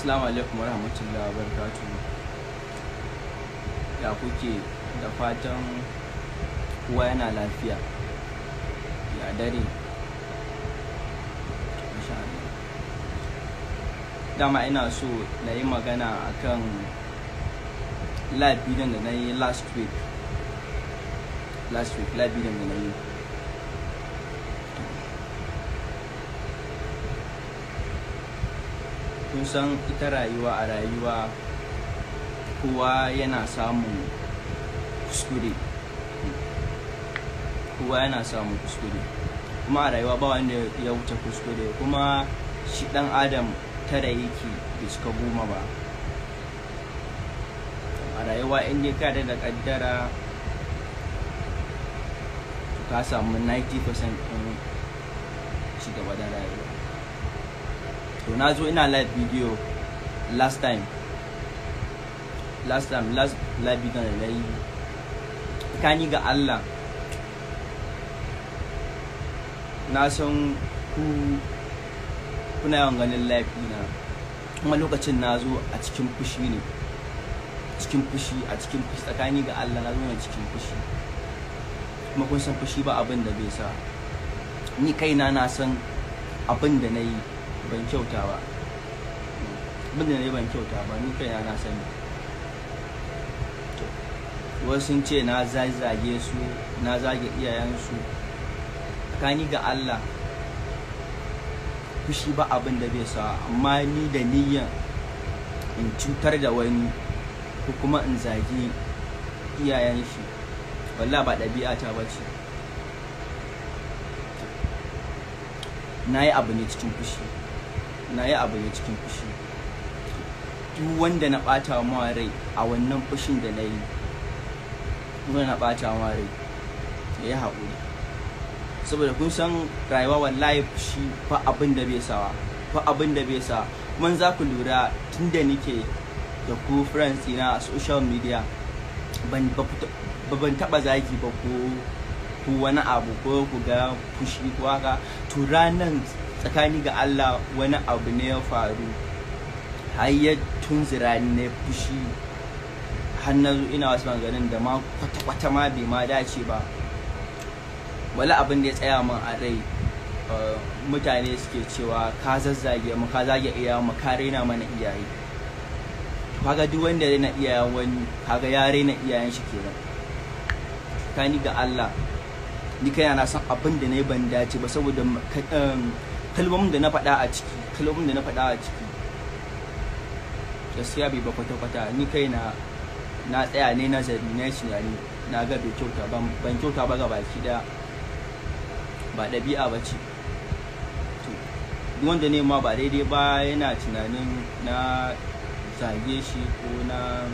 assalamu alaikum wa rahmatullahi wa barakatuhu ya kuke da fatan kowa yana lafiya ya dare dama ina so na yi magana akan live video da na yi last week last week live video da na yi kun san ita rayuwa a rayuwa kowa yana samun kuskure kowa yana samun kuskure kuma a rayuwa ba wanda ya wuce kuskure kuma shi dan adam tara yake da cika goma ba a rayuwa inda ka da kaddara ka samu 90% ɗin ci gaba da rayuwa to na zo ina live video last time last time last live video da yi kani ga Allah na san ku kuna yawan ganin live na kuma lokacin na zo a cikin fushi ne cikin fushi a cikin fushi tsakani ga Allah na zo ne cikin fushi kuma kun san fushi ba abin da bai sa ni kaina na san abin da na yi ban kyauta ba abin da ban kyauta ba ni na sani wasu sun ce na zage su na zage iyayensu kani ga Allah fushi ba abin da bai sa amma ni da niyyar in cutar da wani ko kuma in zage iyayen shi walla ba ɗabi'ata ta ba ce na yi abu ne cikin fushi na yi abu ne cikin fushi duk wanda na ɓata wa rai a wannan fushin da na yi wanda na ɓata wa rai ya yi haƙuri saboda kun san rayuwa wallahi fushi fa abin da bai sawa ba abin da bai sa kuma za ku lura tun da nike da ku friends na social media ban taɓa zagi ba ko ku wani abu ko ku ga fushi ko haka to ranan tsakani ga Allah wani abu ne ya faru har ya tunzura ne fushi har na ina wasu maganin da ma kwata-kwata ma bai ma dace ba wala abin da ya tsaya min a rai eh, mutane suke cewa ka zazzage mu ka zage iya mu ka raina mana iyaye kaga duk wanda ya na iyayen wani kaga ya raina iyayen shi kenan kani ga Allah ni kai na san abin da nayi ban dace ba saboda eh, kalmomin da na faɗa a ciki kalmomin da na faɗa a ciki gaskiya bai ba kwata-kwata ni kai na na tsaya ne nazari na yi tunani na ga bai kyauta ban kyauta ba ga baki da ba ɗabi'a ba ce wanda ne ma ba daidai ba yana tunanin na zage shi ko na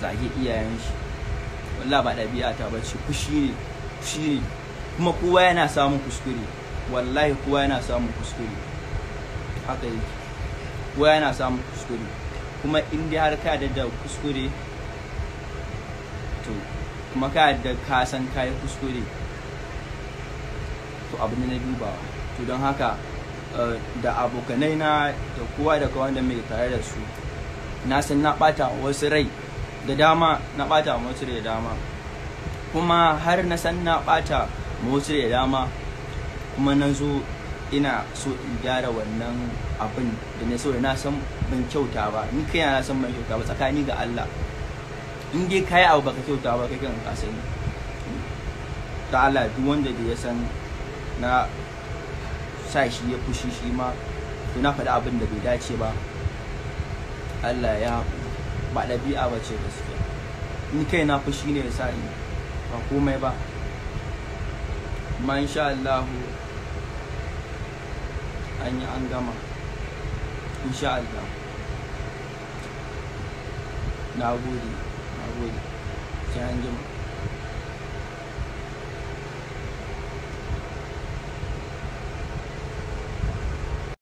zage iyayen shi wallah ba ɗabi'a ta ba ce kushi ne kuma kowa yana samun kuskure wallahi kowa yana samun kuskure haka yake kowa yana samun kuskure kuma in dai har ka da kuskure to kuma ka yadda ka san yi kuskure to abu ne na dubawa to don haka eh, da abokanai na da kowa da kowa da mai tare da su na san na bata wasu rai da dama na bata wasu rai da dama kuma har na san na bata motsi da dama kuma na zo ina so in gyara wannan abin da na so da na san ban kyauta ba ni kai na san ban kyauta ba tsakani ga Allah in dai kai abu baka kyauta ba kai kan ka sani ta Allah duk wanda da ya san na sa shi ya fushi shi ma to na faɗi abin da bai dace ba Allah ya ba ɗabi'a ba ce gaskiya ni kai na fushi ne ya sa ni ba komai ba ma insha Allah an yi an gama insha Allah na gode na gode sai an jima